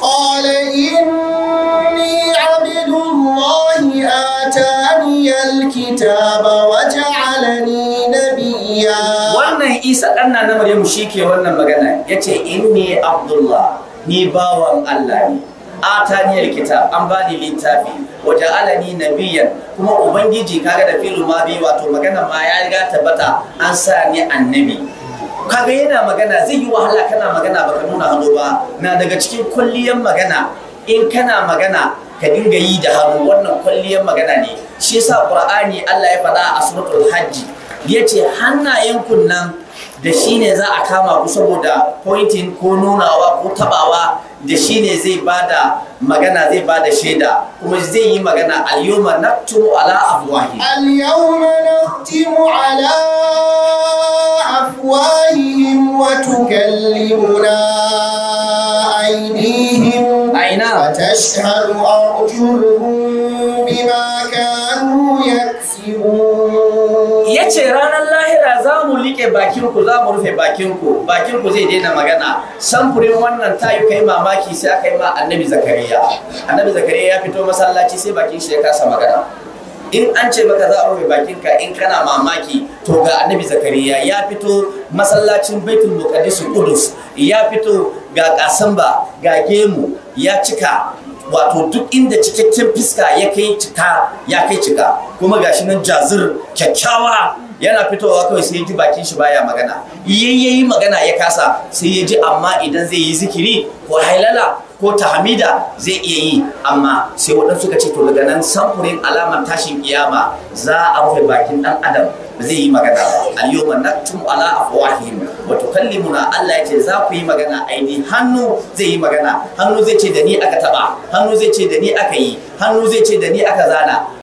قال إني عبد الله آتاني الكتاب وجعلني نبيا wannan isa ɗan na maryamu shi ke wannan magana ya ce inni abdullah ni bawan allah ne ataniyar kita an bani littafi waje alani nabiyan kuma ubangiji kaga da filu ma bi wato magana ma ya riga tabbata an sa ni annabi kaga yana magana zai yi wahala kana magana ba ka nuna hannu ba na daga cikin kwalliyan magana in kana magana ka dinga yi da hannu wannan kwalliyan magana ne shi yasa qur'ani Allah ya faɗa a suratul ya yace hannayen kunnan da shine za a kama ku saboda pointing ko nunawa ko tabawa da shi ne zai bada magana zai bada shaida kuma zai yi magana al-yawma naktumu ala afwahi al-yawma naktumu ala أيديهم أينا وتشهد أرجلهم بما كانوا يكسبون ranar lahira za mu liƙe bakinku za mu rufe bakin bakinku zai daina magana samfurin wannan yi kai mamaki sai aka yi ma annabi zakariya annabi zakariya ya fito masallaci sai bakin shi ya kasa magana in an ce maka za a rufe ka in kana mamaki to ga annabi zakariya ya fito masallacin baitul muqaddis qudus ya fito ga kasamba ga gemu ya cika wato duk inda cikakken fiska ya kai cika ya kai cika kuma gashi nan jazir kyakkyawa yana fitowa kawai sai ya ji bakin shi baya magana yayyayi magana ya kasa sai ya ji amma idan zai yi zikiri ko hailala ko ta Hamida zai iya yi amma sai waɗansu suka ce to daga nan samfurin alamar tashin kiyama za a rufe bakin ɗan adam zai yi magana ba al-yawma naktum ala afwahihim wa tukallimuna Allah ya ce za ku yi magana aini hannu zai yi magana hannu zai ce da ni aka taba hannu zai ce da ni aka yi hannu zai ce da ni aka zana